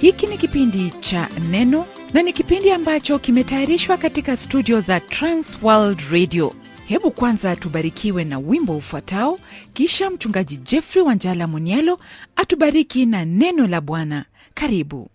Hiki ni kipindi cha Neno na ni kipindi ambacho kimetayarishwa katika studio za transworld Radio. Hebu kwanza tubarikiwe na wimbo ufuatao, kisha mchungaji Jeffrey Wanjala Munyelo atubariki na neno la Bwana. Karibu.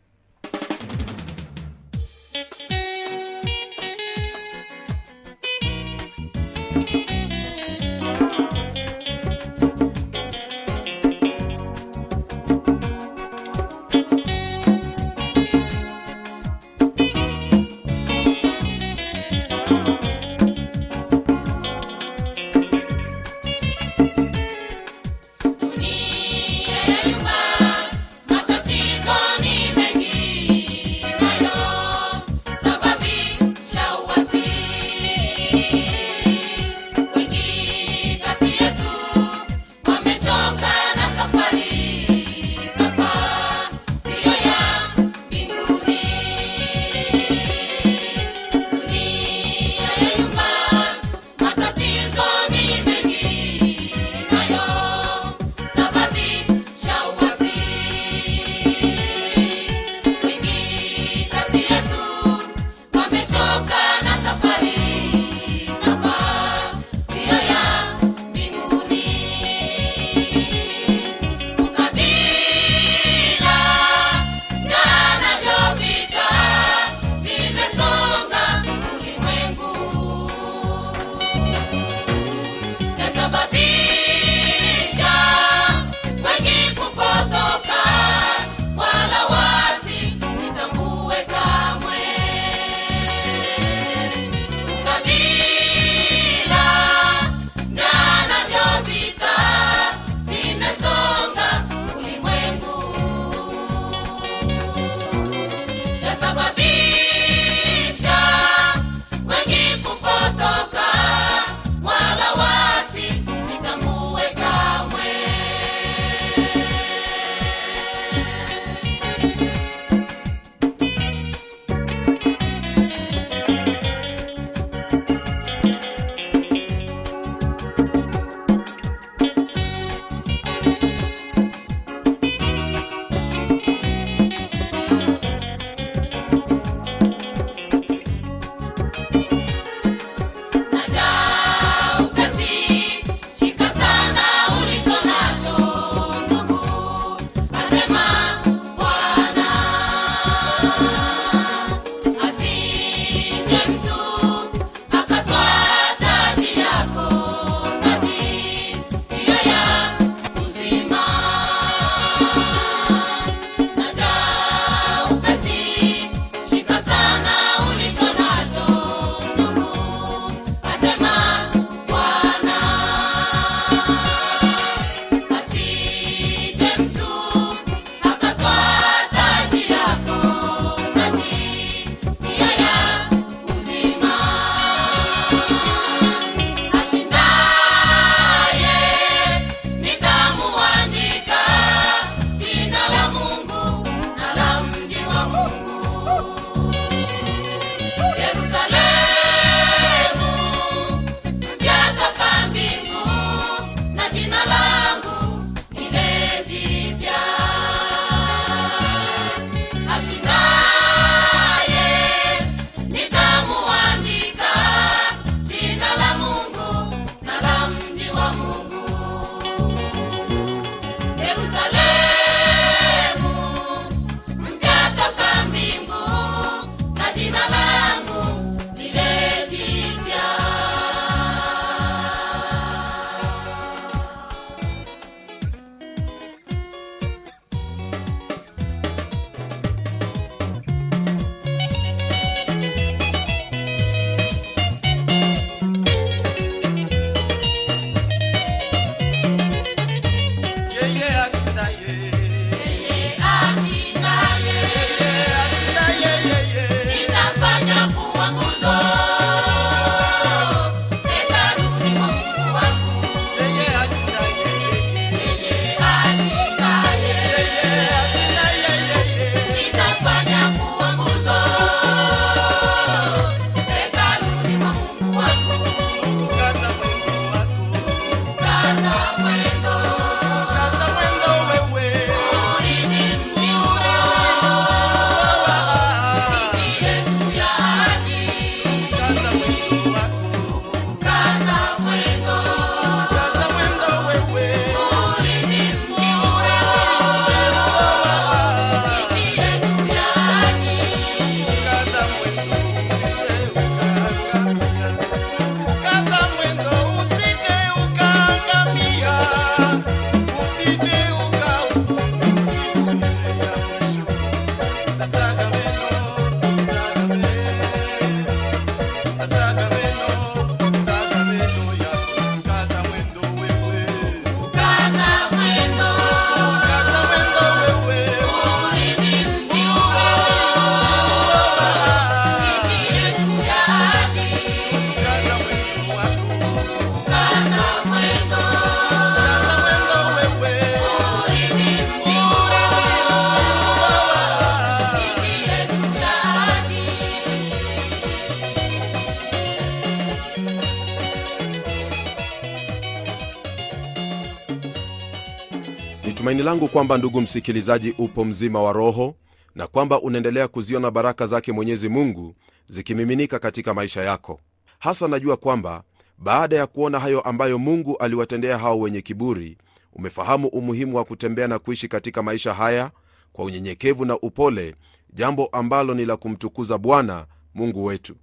Tumaini langu kwamba ndugu msikilizaji, upo mzima wa roho na kwamba unaendelea kuziona baraka zake Mwenyezi Mungu zikimiminika katika maisha yako. Hasa najua kwamba baada ya kuona hayo ambayo Mungu aliwatendea hao wenye kiburi, umefahamu umuhimu wa kutembea na kuishi katika maisha haya kwa unyenyekevu na upole, jambo ambalo ni la kumtukuza Bwana Mungu wetu.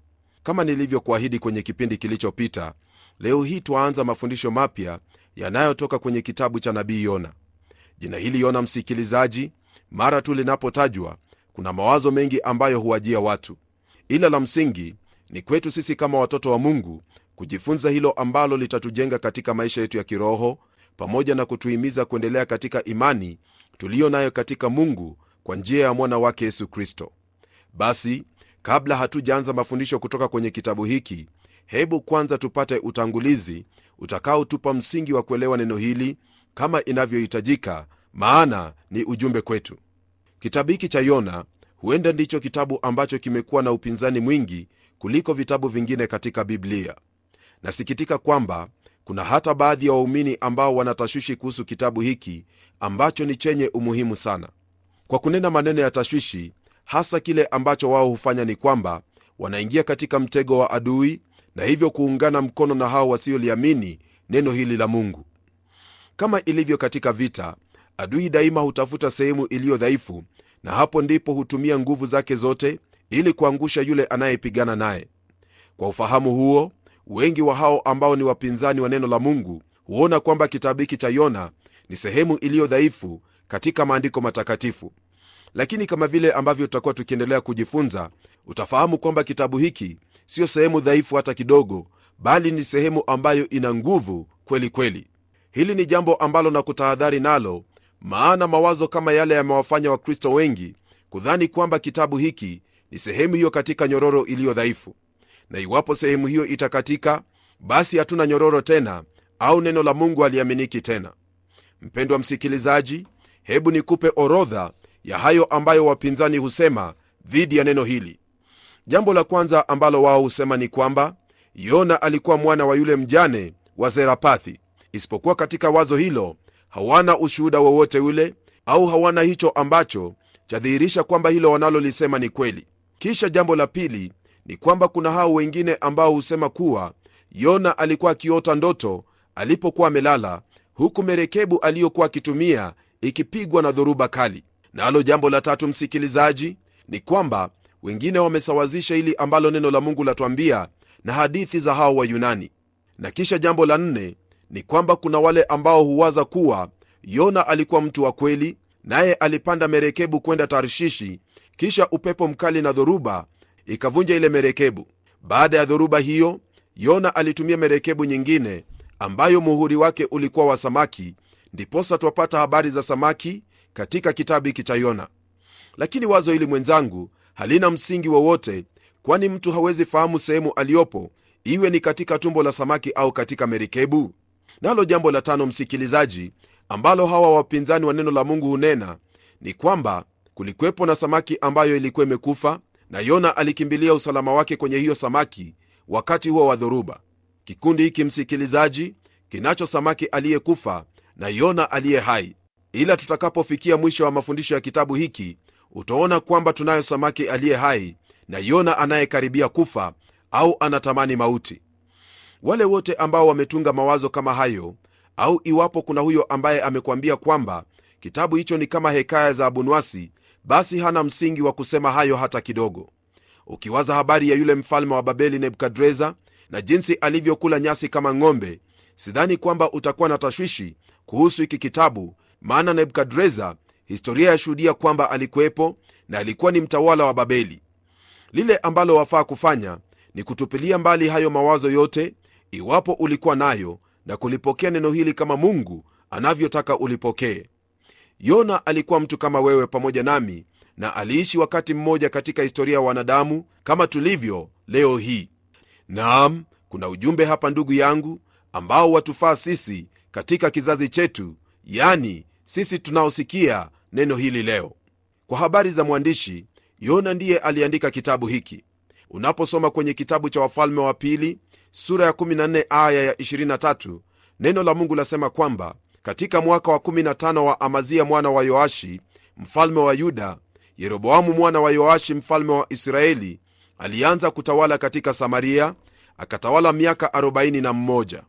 Kama nilivyokuahidi kwenye kipindi kilichopita, leo hii twaanza mafundisho mapya yanayotoka kwenye kitabu cha nabii Yona. Jina hili Yona, msikilizaji, mara tu linapotajwa kuna mawazo mengi ambayo huwajia watu, ila la msingi ni kwetu sisi kama watoto wa Mungu kujifunza hilo ambalo litatujenga katika maisha yetu ya kiroho pamoja na kutuhimiza kuendelea katika imani tuliyo nayo katika Mungu kwa njia ya mwana wake Yesu Kristo. Basi kabla hatujaanza mafundisho kutoka kwenye kitabu hiki, hebu kwanza tupate utangulizi utakaotupa msingi wa kuelewa neno hili kama inavyohitajika, maana ni ujumbe kwetu. Kitabu hiki cha Yona huenda ndicho kitabu ambacho kimekuwa na upinzani mwingi kuliko vitabu vingine katika Biblia. Nasikitika kwamba kuna hata baadhi ya waumini ambao wanatashwishi kuhusu kitabu hiki ambacho ni chenye umuhimu sana. Kwa kunena maneno ya tashwishi, hasa kile ambacho wao hufanya ni kwamba wanaingia katika mtego wa adui na hivyo kuungana mkono na hao wasioliamini neno hili la Mungu. Kama ilivyo katika vita, adui daima hutafuta sehemu iliyo dhaifu, na hapo ndipo hutumia nguvu zake zote ili kuangusha yule anayepigana naye. Kwa ufahamu huo, wengi wa hao ambao ni wapinzani wa neno la Mungu huona kwamba kitabu hiki cha Yona ni sehemu iliyo dhaifu katika maandiko matakatifu, lakini kama vile ambavyo tutakuwa tukiendelea kujifunza, utafahamu kwamba kitabu hiki siyo sehemu dhaifu hata kidogo, bali ni sehemu ambayo ina nguvu kweli kweli hili ni jambo ambalo na kutahadhari nalo maana mawazo kama yale yamewafanya wakristo wengi kudhani kwamba kitabu hiki ni sehemu hiyo katika nyororo iliyo dhaifu na iwapo sehemu hiyo itakatika basi hatuna nyororo tena au neno la mungu aliaminiki tena mpendwa msikilizaji hebu nikupe orodha ya hayo ambayo wapinzani husema dhidi ya neno hili jambo la kwanza ambalo wao husema ni kwamba yona alikuwa mwana wa yule mjane wa zerapathi isipokuwa katika wazo hilo hawana ushuhuda wowote ule au hawana hicho ambacho chadhihirisha kwamba hilo wanalolisema ni kweli. Kisha jambo la pili ni kwamba kuna hao wengine ambao husema kuwa Yona alikuwa akiota ndoto alipokuwa amelala, huku merekebu aliyokuwa akitumia ikipigwa na dhoruba kali. Nalo na jambo la tatu, msikilizaji, ni kwamba wengine wamesawazisha hili ambalo neno la Mungu latwambia na hadithi za hao Wayunani. Na kisha jambo la nne ni kwamba kuna wale ambao huwaza kuwa Yona alikuwa mtu wa kweli, naye alipanda merekebu kwenda Tarshishi, kisha upepo mkali na dhoruba ikavunja ile merekebu. Baada ya dhoruba hiyo, Yona alitumia merekebu nyingine ambayo muhuri wake ulikuwa wa samaki, ndiposa twapata habari za samaki katika kitabu hiki cha Yona. Lakini wazo hili mwenzangu, halina msingi wowote, kwani mtu hawezi fahamu sehemu aliyopo, iwe ni katika tumbo la samaki au katika merikebu. Nalo jambo la tano, msikilizaji, ambalo hawa wapinzani wa neno la Mungu hunena ni kwamba kulikuwepo na samaki ambayo ilikuwa imekufa, na Yona alikimbilia usalama wake kwenye hiyo samaki wakati huo wa dhoruba. Kikundi hiki msikilizaji, kinacho samaki aliyekufa na Yona aliye hai. Ila tutakapofikia mwisho wa mafundisho ya kitabu hiki, utaona kwamba tunayo samaki aliye hai na Yona anayekaribia kufa au anatamani mauti wale wote ambao wametunga mawazo kama hayo au iwapo kuna huyo ambaye amekwambia kwamba kitabu hicho ni kama hekaya za abunwasi basi hana msingi wa kusema hayo hata kidogo ukiwaza habari ya yule mfalme wa babeli nebukadreza na jinsi alivyokula nyasi kama ng'ombe sidhani kwamba utakuwa na tashwishi kuhusu hiki kitabu maana nebukadreza historia yashuhudia kwamba alikuwepo na alikuwa ni mtawala wa babeli lile ambalo wafaa kufanya ni kutupilia mbali hayo mawazo yote iwapo ulikuwa nayo na kulipokea neno hili kama mungu anavyotaka ulipokee yona alikuwa mtu kama wewe pamoja nami na aliishi wakati mmoja katika historia ya wanadamu kama tulivyo leo hii naam kuna ujumbe hapa ndugu yangu ambao watufaa sisi katika kizazi chetu yani sisi tunaosikia neno hili leo kwa habari za mwandishi yona ndiye aliandika kitabu hiki unaposoma kwenye kitabu cha wafalme wa pili sura ya 14 aya ya 23 neno la mungu lasema kwamba katika mwaka wa 15 wa amazia mwana wa yoashi mfalme wa yuda yeroboamu mwana wa yoashi mfalme wa israeli alianza kutawala katika samaria akatawala miaka 41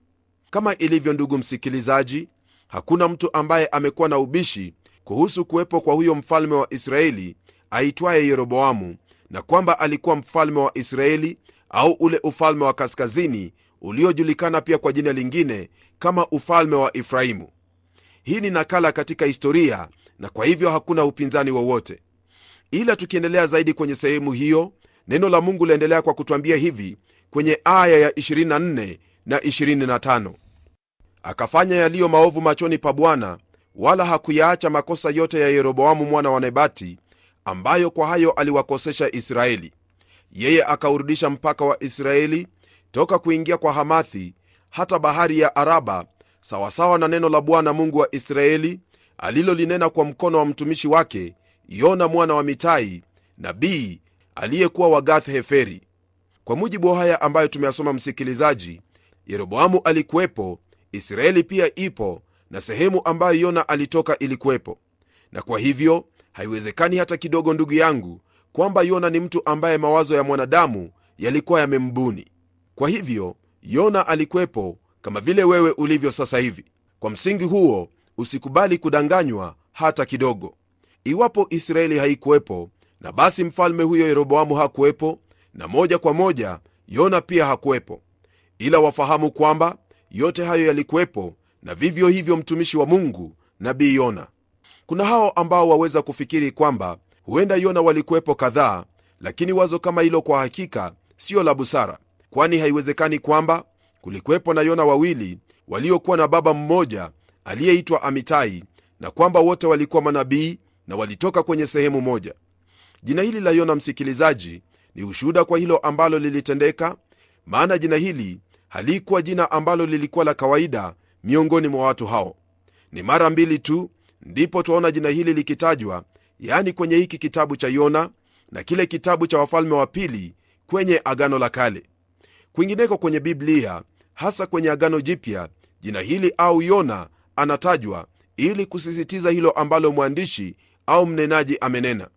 kama ilivyo ndugu msikilizaji hakuna mtu ambaye amekuwa na ubishi kuhusu kuwepo kwa huyo mfalme wa israeli aitwaye yeroboamu na kwamba alikuwa mfalme wa Israeli au ule ufalme wa kaskazini uliojulikana pia kwa jina lingine kama ufalme wa Efraimu. Hii ni nakala katika historia, na kwa hivyo hakuna upinzani wowote. Ila tukiendelea zaidi kwenye sehemu hiyo, neno la Mungu laendelea kwa kutwambia hivi kwenye aya ya 24 na 25: akafanya yaliyo maovu machoni pa Bwana, wala hakuyaacha makosa yote ya Yeroboamu mwana wa Nebati ambayo kwa hayo aliwakosesha israeli yeye akaurudisha mpaka wa israeli toka kuingia kwa hamathi hata bahari ya araba sawasawa na neno la bwana mungu wa israeli alilolinena kwa mkono wa mtumishi wake yona mwana wa mitai nabii aliyekuwa wa gath heferi kwa mujibu wa haya ambayo tumeyasoma msikilizaji yeroboamu alikuwepo israeli pia ipo na sehemu ambayo yona alitoka ilikuwepo na kwa hivyo haiwezekani hata kidogo, ndugu yangu, kwamba Yona ni mtu ambaye mawazo ya mwanadamu yalikuwa yamembuni. Kwa hivyo Yona alikuwepo kama vile wewe ulivyo sasa hivi. Kwa msingi huo, usikubali kudanganywa hata kidogo. Iwapo Israeli haikuwepo, na basi mfalme huyo Yeroboamu hakuwepo, na moja kwa moja Yona pia hakuwepo. Ila wafahamu kwamba yote hayo yalikuwepo, na vivyo hivyo mtumishi wa Mungu nabii Yona. Kuna hao ambao waweza kufikiri kwamba huenda Yona walikuwepo kadhaa, lakini wazo kama hilo kwa hakika siyo la busara, kwani haiwezekani kwamba kulikuwepo na Yona wawili waliokuwa na baba mmoja aliyeitwa Amitai, na kwamba wote walikuwa manabii na walitoka kwenye sehemu moja. Jina hili la Yona, msikilizaji, ni ushuhuda kwa hilo ambalo lilitendeka, maana jina hili halikuwa jina ambalo lilikuwa la kawaida miongoni mwa watu hao. Ni mara mbili tu ndipo twaona jina hili likitajwa yani kwenye hiki kitabu cha yona na kile kitabu cha wafalme wa pili kwenye agano la kale kwingineko kwenye biblia hasa kwenye agano jipya jina hili au yona anatajwa ili kusisitiza hilo ambalo mwandishi au mnenaji amenena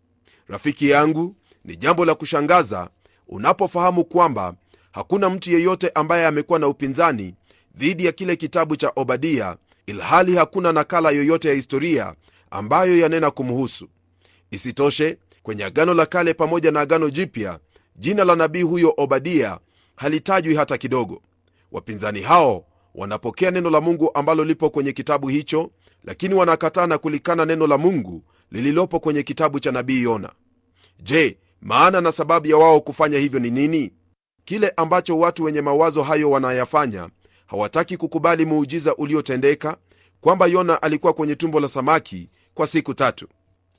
rafiki yangu ni jambo la kushangaza unapofahamu kwamba hakuna mtu yeyote ambaye amekuwa na upinzani dhidi ya kile kitabu cha obadia ilhali hakuna nakala yoyote ya historia ambayo yanena kumhusu. Isitoshe, kwenye Agano la Kale pamoja na Agano Jipya, jina la nabii huyo Obadia halitajwi hata kidogo. Wapinzani hao wanapokea neno la Mungu ambalo lipo kwenye kitabu hicho, lakini wanakataa na kulikana neno la Mungu lililopo kwenye kitabu cha nabii Yona. Je, maana na sababu ya wao kufanya hivyo ni nini? Kile ambacho watu wenye mawazo hayo wanayafanya hawataki kukubali muujiza uliotendeka kwamba Yona alikuwa kwenye tumbo la samaki kwa siku tatu.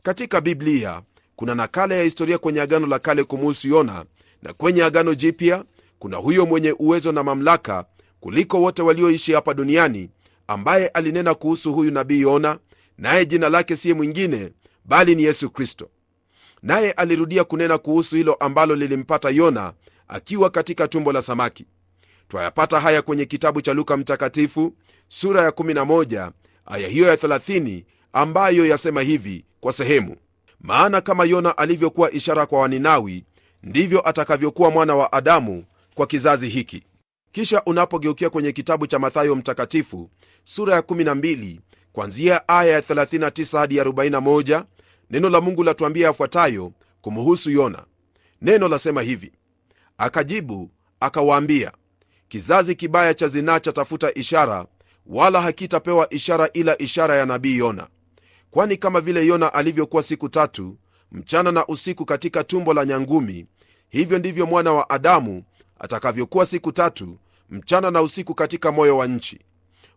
Katika Biblia kuna nakala ya historia kwenye Agano la Kale kumuhusu Yona, na kwenye Agano Jipya kuna huyo mwenye uwezo na mamlaka kuliko wote walioishi hapa duniani ambaye alinena kuhusu huyu nabii Yona, naye jina lake siye mwingine bali ni Yesu Kristo. Naye alirudia kunena kuhusu hilo ambalo lilimpata Yona akiwa katika tumbo la samaki. Twayapata haya kwenye kitabu cha Luka Mtakatifu sura ya 11 aya hiyo ya 30, ambayo yasema hivi kwa sehemu: maana kama Yona alivyokuwa ishara kwa Waninawi, ndivyo atakavyokuwa mwana wa Adamu kwa kizazi hiki. Kisha unapogeukia kwenye kitabu cha Mathayo Mtakatifu sura ya 12 kwanzia aya ya 39 hadi 41, neno la Mungu latuambia yafuatayo kumuhusu Yona. Neno lasema hivi: akajibu akawaambia Kizazi kibaya cha zinaa chatafuta ishara, wala hakitapewa ishara ila ishara ya nabii Yona. Kwani kama vile Yona alivyokuwa siku tatu mchana na usiku katika tumbo la nyangumi, hivyo ndivyo mwana wa Adamu atakavyokuwa siku tatu mchana na usiku katika moyo wa nchi.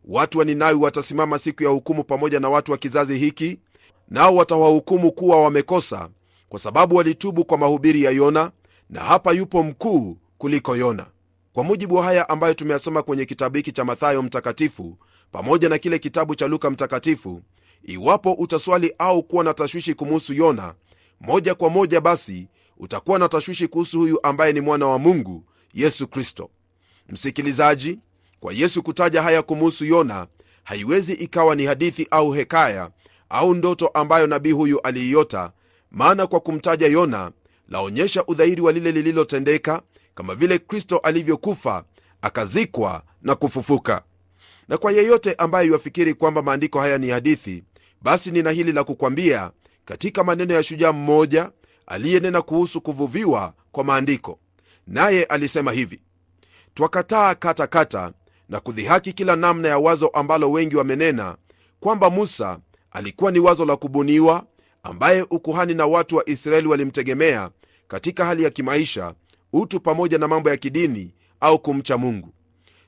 Watu wa Ninawi watasimama siku ya hukumu pamoja na watu wa kizazi hiki, nao watawahukumu kuwa wamekosa, kwa sababu walitubu kwa mahubiri ya Yona, na hapa yupo mkuu kuliko Yona kwa mujibu wa haya ambayo tumeyasoma kwenye kitabu hiki cha mathayo mtakatifu pamoja na kile kitabu cha luka mtakatifu iwapo utaswali au kuwa na tashwishi kumuhusu yona moja kwa moja basi utakuwa na tashwishi kuhusu huyu ambaye ni mwana wa mungu yesu kristo msikilizaji kwa yesu kutaja haya kumuhusu yona haiwezi ikawa ni hadithi au hekaya au ndoto ambayo nabii huyu aliiota maana kwa kumtaja yona laonyesha udhahiri wa lile lililotendeka kama vile kristo alivyokufa akazikwa na kufufuka na kwa yeyote ambaye yuafikiri kwamba maandiko haya ni hadithi basi nina hili la kukwambia katika maneno ya shujaa mmoja aliyenena kuhusu kuvuviwa kwa maandiko naye alisema hivi twakataa kata katakata na kudhihaki kila namna ya wazo ambalo wengi wamenena kwamba musa alikuwa ni wazo la kubuniwa ambaye ukuhani na watu wa israeli walimtegemea katika hali ya kimaisha utu pamoja na mambo ya kidini au kumcha Mungu.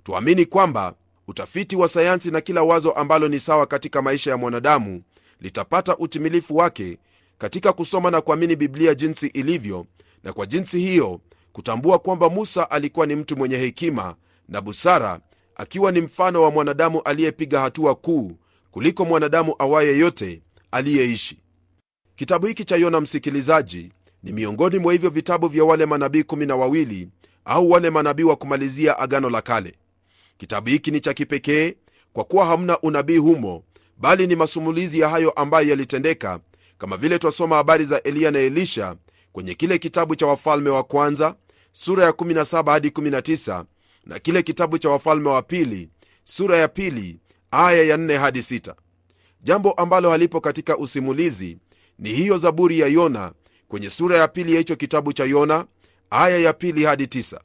Tuamini kwamba utafiti wa sayansi na kila wazo ambalo ni sawa katika maisha ya mwanadamu litapata utimilifu wake katika kusoma na kuamini Biblia jinsi ilivyo, na kwa jinsi hiyo kutambua kwamba Musa alikuwa ni mtu mwenye hekima na busara, akiwa ni mfano wa mwanadamu aliyepiga hatua kuu kuliko mwanadamu awaye yote aliyeishi. Kitabu hiki cha Yona, msikilizaji, ni miongoni mwa hivyo vitabu vya wale manabii kumi na wawili au wale manabii wa kumalizia agano la kale kitabu hiki ni cha kipekee kwa kuwa hamna unabii humo bali ni masumulizi ya hayo ambayo yalitendeka kama vile twasoma habari za eliya na elisha kwenye kile kitabu cha wafalme wa kwanza sura ya 17 hadi 19 na kile kitabu cha wafalme wa pili sura ya pili aya ya 4 hadi 6 jambo ambalo halipo katika usimulizi ni hiyo zaburi ya yona kwenye sura ya pili ya hicho kitabu cha Yona aya ya pili hadi tisa.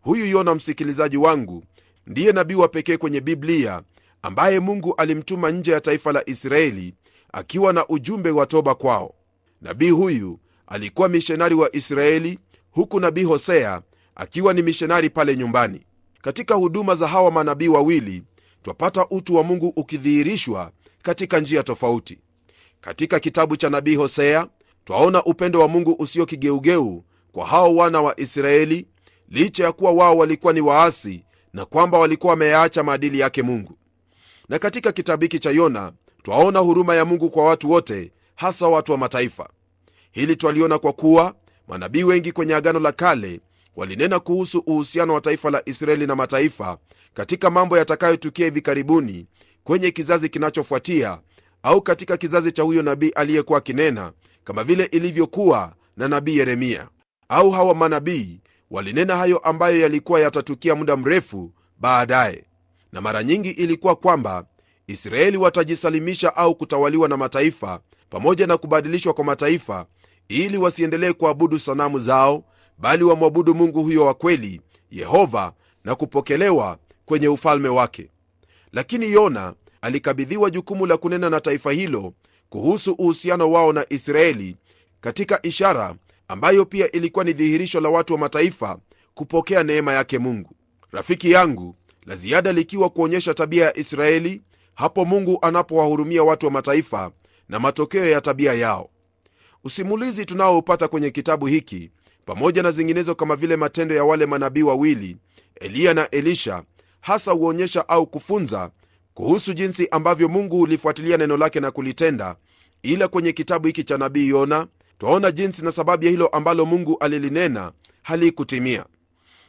Huyu Yona, msikilizaji wangu, ndiye nabii wa pekee kwenye Biblia ambaye Mungu alimtuma nje ya taifa la Israeli akiwa na ujumbe wa toba kwao. Nabii huyu alikuwa mishonari wa Israeli, huku nabii Hosea akiwa ni mishonari pale nyumbani. Katika huduma za hawa manabii wawili twapata utu wa Mungu ukidhihirishwa katika njia tofauti. Katika kitabu cha nabii Hosea twaona upendo wa mungu usio kigeugeu kwa hao wana wa israeli licha ya kuwa wao walikuwa ni waasi na kwamba walikuwa wameyaacha maadili yake mungu na katika kitabu hiki cha yona twaona huruma ya mungu kwa watu wote hasa watu wa mataifa hili twaliona kwa kuwa manabii wengi kwenye agano la kale walinena kuhusu uhusiano wa taifa la israeli na mataifa katika mambo yatakayotukia hivi karibuni kwenye kizazi kinachofuatia au katika kizazi cha huyo nabii aliyekuwa akinena kama vile ilivyokuwa na nabii Yeremia. Au hawa manabii walinena hayo ambayo yalikuwa yatatukia muda mrefu baadaye, na mara nyingi ilikuwa kwamba Israeli watajisalimisha au kutawaliwa na mataifa pamoja na kubadilishwa kwa mataifa, ili wasiendelee kuabudu sanamu zao, bali wamwabudu Mungu huyo wa kweli, Yehova, na kupokelewa kwenye ufalme wake. Lakini Yona alikabidhiwa jukumu la kunena na taifa hilo kuhusu uhusiano wao na israeli katika ishara ambayo pia ilikuwa ni dhihirisho la watu wa mataifa kupokea neema yake mungu rafiki yangu la ziada likiwa kuonyesha tabia ya israeli hapo mungu anapowahurumia watu wa mataifa na matokeo ya tabia yao usimulizi tunaoupata kwenye kitabu hiki pamoja na zinginezo kama vile matendo ya wale manabii wawili eliya na elisha hasa huonyesha au kufunza kuhusu jinsi ambavyo mungu hulifuatilia neno lake na kulitenda ila kwenye kitabu hiki cha nabii Yona twaona jinsi na sababu ya hilo ambalo Mungu alilinena halikutimia.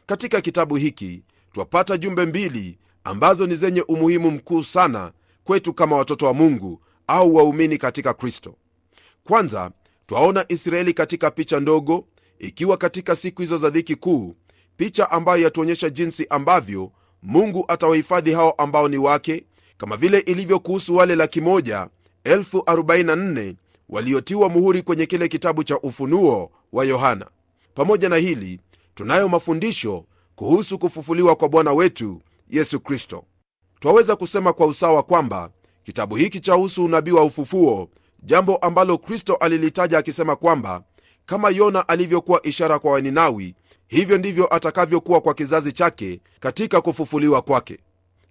Katika kitabu hiki twapata jumbe mbili ambazo ni zenye umuhimu mkuu sana kwetu kama watoto wa Mungu au waumini katika Kristo. Kwanza twaona Israeli katika picha ndogo, ikiwa katika siku hizo za dhiki kuu, picha ambayo yatuonyesha jinsi ambavyo Mungu atawahifadhi hao ambao ni wake, kama vile ilivyo kuhusu wale laki moja 44 waliotiwa muhuri kwenye kile kitabu cha ufunuo wa yohana pamoja na hili tunayo mafundisho kuhusu kufufuliwa kwa bwana wetu yesu kristo twaweza kusema kwa usawa kwamba kitabu hiki cha husu unabii wa ufufuo jambo ambalo kristo alilitaja akisema kwamba kama yona alivyokuwa ishara kwa waninawi hivyo ndivyo atakavyokuwa kwa kizazi chake katika kufufuliwa kwake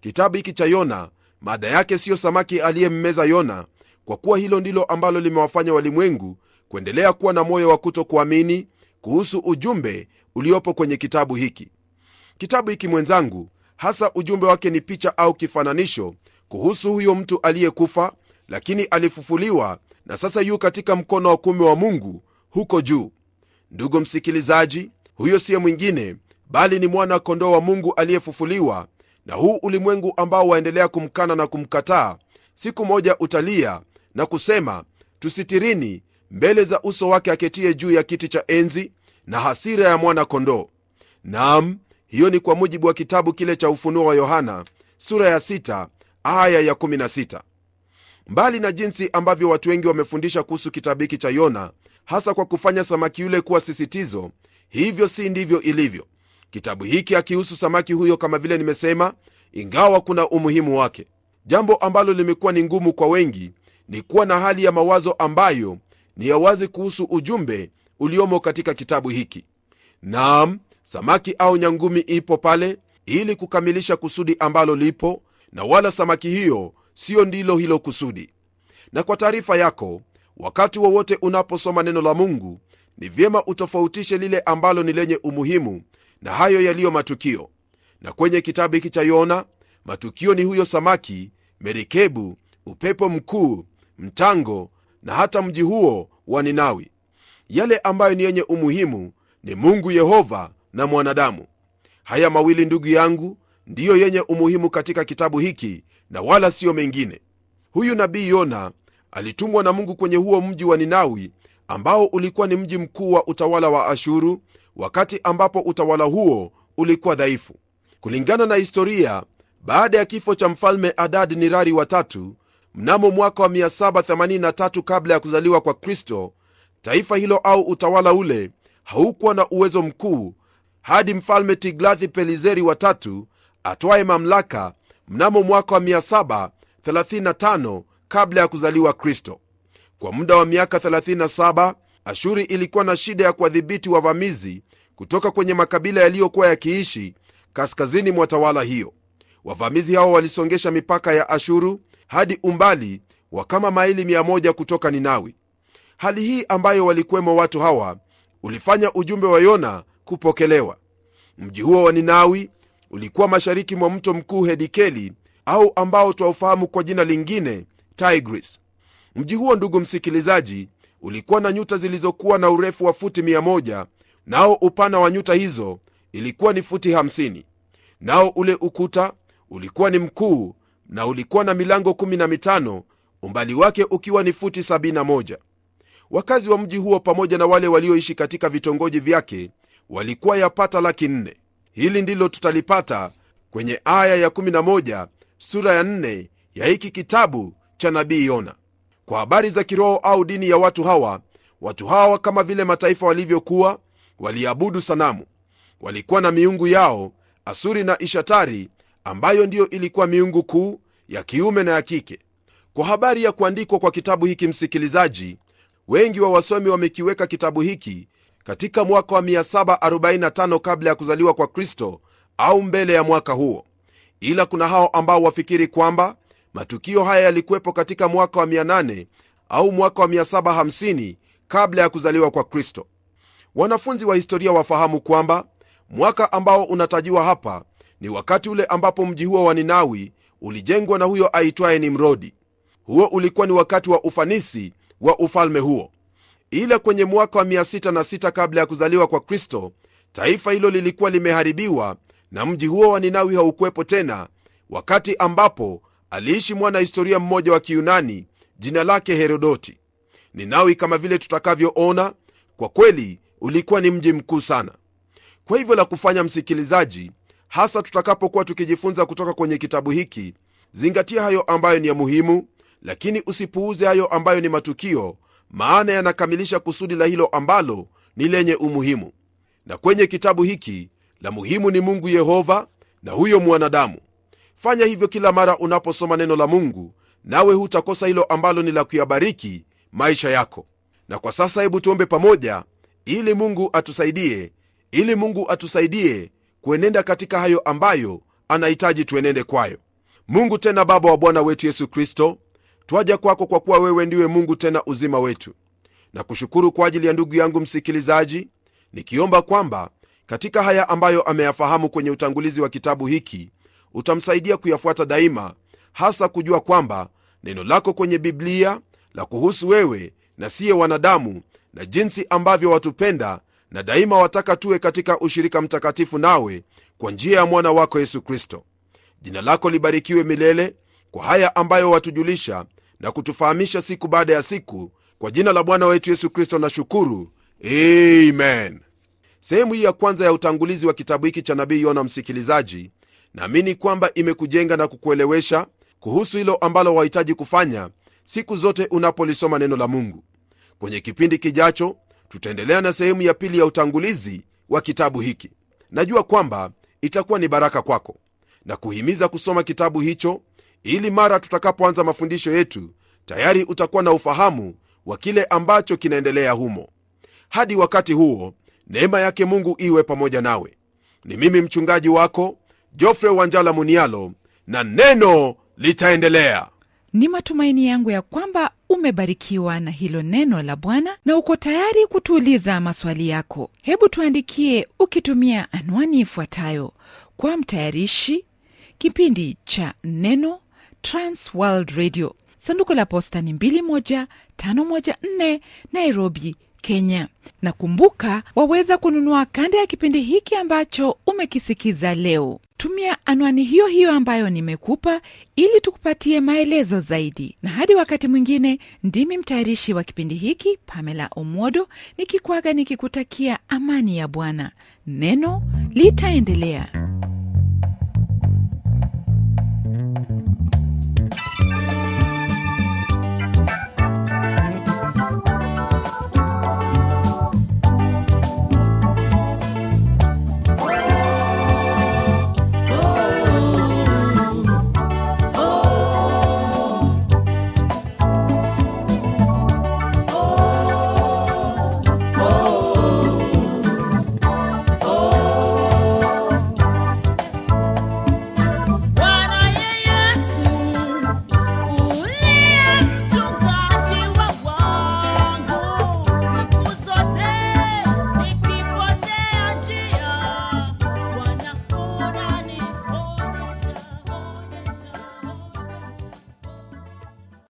kitabu hiki cha yona mada yake siyo samaki aliyemmeza yona kwa kuwa hilo ndilo ambalo limewafanya walimwengu kuendelea kuwa na moyo wa kutokuamini kuhusu ujumbe uliopo kwenye kitabu hiki kitabu hiki mwenzangu hasa ujumbe wake ni picha au kifananisho kuhusu huyo mtu aliyekufa lakini alifufuliwa na sasa yu katika mkono wa kumi wa mungu huko juu ndugu msikilizaji huyo siye mwingine bali ni mwana kondoo wa mungu aliyefufuliwa na huu ulimwengu ambao waendelea kumkana na kumkataa siku moja utalia na kusema tusitirini mbele za uso wake aketie juu ya kiti cha enzi na hasira ya mwana-kondoo nam hiyo ni kwa mujibu wa kitabu kile cha ufunuo wa yohana sura ya 6 aya ya 16 mbali na jinsi ambavyo watu wengi wamefundisha kuhusu kitabu hiki cha yona hasa kwa kufanya samaki yule kuwa sisitizo hivyo si ndivyo ilivyo kitabu hiki akihusu samaki huyo kama vile nimesema ingawa kuna umuhimu wake jambo ambalo limekuwa ni ngumu kwa wengi ni kuwa na hali ya mawazo ambayo ni ya wazi kuhusu ujumbe uliomo katika kitabu hiki nam samaki au nyangumi ipo pale ili kukamilisha kusudi ambalo lipo na wala samaki hiyo siyo ndilo hilo kusudi na kwa taarifa yako wakati wowote wa unaposoma neno la mungu ni vyema utofautishe lile ambalo ni lenye umuhimu na hayo yaliyo matukio na kwenye kitabu hiki cha yona matukio ni huyo samaki merikebu upepo mkuu Mtango na hata mji huo wa Ninawi. Yale ambayo ni yenye umuhimu ni Mungu Yehova na mwanadamu. Haya mawili ndugu yangu ndiyo yenye umuhimu katika kitabu hiki na wala siyo mengine. Huyu nabii Yona alitumwa na Mungu kwenye huo mji wa Ninawi ambao ulikuwa ni mji mkuu wa utawala wa Ashuru, wakati ambapo utawala huo ulikuwa dhaifu. Kulingana na historia, baada ya kifo cha mfalme Adad Nirari watatu, mnamo mwaka wa 783 kabla ya kuzaliwa kwa kristo taifa hilo au utawala ule haukuwa na uwezo mkuu hadi mfalme tiglathi pelizeri watatu atwaye mamlaka mnamo mwaka wa 735 kabla ya kuzaliwa kristo kwa muda wa miaka 37 ashuri ilikuwa na shida ya kuwadhibiti wavamizi kutoka kwenye makabila yaliyokuwa yakiishi kaskazini mwa tawala hiyo wavamizi hao walisongesha mipaka ya ashuru hadi umbali wa kama maili 100 kutoka Ninawi. Hali hii ambayo walikuwemo watu hawa ulifanya ujumbe wa Yona kupokelewa. Mji huo wa Ninawi ulikuwa mashariki mwa mto mkuu Hedikeli au ambao twaufahamu kwa jina lingine Tigris. Mji huo, ndugu msikilizaji, ulikuwa na nyuta zilizokuwa na urefu wa futi 1 nao upana wa nyuta hizo ilikuwa ni futi 50 nao ule ukuta ulikuwa ni mkuu na ulikuwa na milango 15 umbali wake ukiwa ni futi 71 wakazi wa mji huo pamoja na wale walioishi katika vitongoji vyake walikuwa yapata laki 4 hili ndilo tutalipata kwenye aya ya 11 sura ya 4 ya hiki kitabu cha nabii yona kwa habari za kiroho au dini ya watu hawa watu hawa kama vile mataifa walivyokuwa waliabudu sanamu walikuwa na miungu yao asuri na ishatari ambayo ndiyo ilikuwa miungu kuu ya kiume na ya kike. Kwa habari ya kuandikwa kwa kitabu hiki, msikilizaji, wengi wa wasomi wamekiweka kitabu hiki katika mwaka wa 745 kabla ya kuzaliwa kwa Kristo au mbele ya mwaka huo, ila kuna hao ambao wafikiri kwamba matukio haya yalikuwepo katika mwaka wa 800 au mwaka wa 750 kabla ya kuzaliwa kwa Kristo. Wanafunzi wa historia wafahamu kwamba mwaka ambao unatajiwa hapa ni wakati ule ambapo mji huo wa Ninawi ulijengwa na huyo aitwaye Nimrodi. Huo ulikuwa ni wakati wa ufanisi wa ufalme huo, ila kwenye mwaka wa 66 kabla ya kuzaliwa kwa Kristo, taifa hilo lilikuwa limeharibiwa na mji huo wa Ninawi haukuwepo tena, wakati ambapo aliishi mwana historia mmoja wa Kiyunani jina lake Herodoti. Ninawi, kama vile tutakavyoona, kwa kweli ulikuwa ni mji mkuu sana. Kwa hivyo la kufanya, msikilizaji, hasa tutakapokuwa tukijifunza kutoka kwenye kitabu hiki zingatia hayo ambayo ni ya muhimu lakini usipuuze hayo ambayo ni matukio maana yanakamilisha kusudi la hilo ambalo ni lenye umuhimu na kwenye kitabu hiki la muhimu ni mungu yehova na huyo mwanadamu fanya hivyo kila mara unaposoma neno la mungu nawe hutakosa hilo ambalo ni la kuyabariki maisha yako na kwa sasa hebu tuombe pamoja ili mungu atusaidie ili mungu atusaidie kuenenda katika hayo ambayo anahitaji tuenende kwayo mungu tena baba wa bwana wetu yesu kristo twaja kwako kwa kuwa wewe ndiwe mungu tena uzima wetu na kushukuru kwa ajili ya ndugu yangu msikilizaji nikiomba kwamba katika haya ambayo ameyafahamu kwenye utangulizi wa kitabu hiki utamsaidia kuyafuata daima hasa kujua kwamba neno lako kwenye biblia la kuhusu wewe na siye wanadamu na jinsi ambavyo watupenda na daima wataka tuwe katika ushirika mtakatifu nawe kwa njia ya mwana wako yesu kristo jina lako libarikiwe milele kwa haya ambayo watujulisha na kutufahamisha siku baada ya siku kwa jina la bwana wetu yesu kristo na shukuru amen sehemu hii ya kwanza ya utangulizi wa kitabu hiki cha nabii yona msikilizaji naamini kwamba imekujenga na kukuelewesha kuhusu hilo ambalo wahitaji kufanya siku zote unapolisoma neno la mungu kwenye kipindi kijacho tutaendelea na sehemu ya pili ya utangulizi wa kitabu hiki najua kwamba itakuwa ni baraka kwako na kuhimiza kusoma kitabu hicho ili mara tutakapoanza mafundisho yetu tayari utakuwa na ufahamu wa kile ambacho kinaendelea humo hadi wakati huo neema yake mungu iwe pamoja nawe ni mimi mchungaji wako jofre wanjala munialo na neno litaendelea ni matumaini yangu ya kwamba umebarikiwa na hilo neno la Bwana na uko tayari kutuuliza maswali yako. Hebu tuandikie ukitumia anwani ifuatayo: kwa mtayarishi kipindi cha Neno, Transworld Radio, sanduku la posta ni 21514 Nairobi, Kenya. Na kumbuka, waweza kununua kanda ya kipindi hiki ambacho umekisikiza leo. Tumia anwani hiyo hiyo ambayo nimekupa ili tukupatie maelezo zaidi. Na hadi wakati mwingine, ndimi mtayarishi wa kipindi hiki Pamela Omodo nikikwaga nikikutakia amani ya Bwana. Neno litaendelea.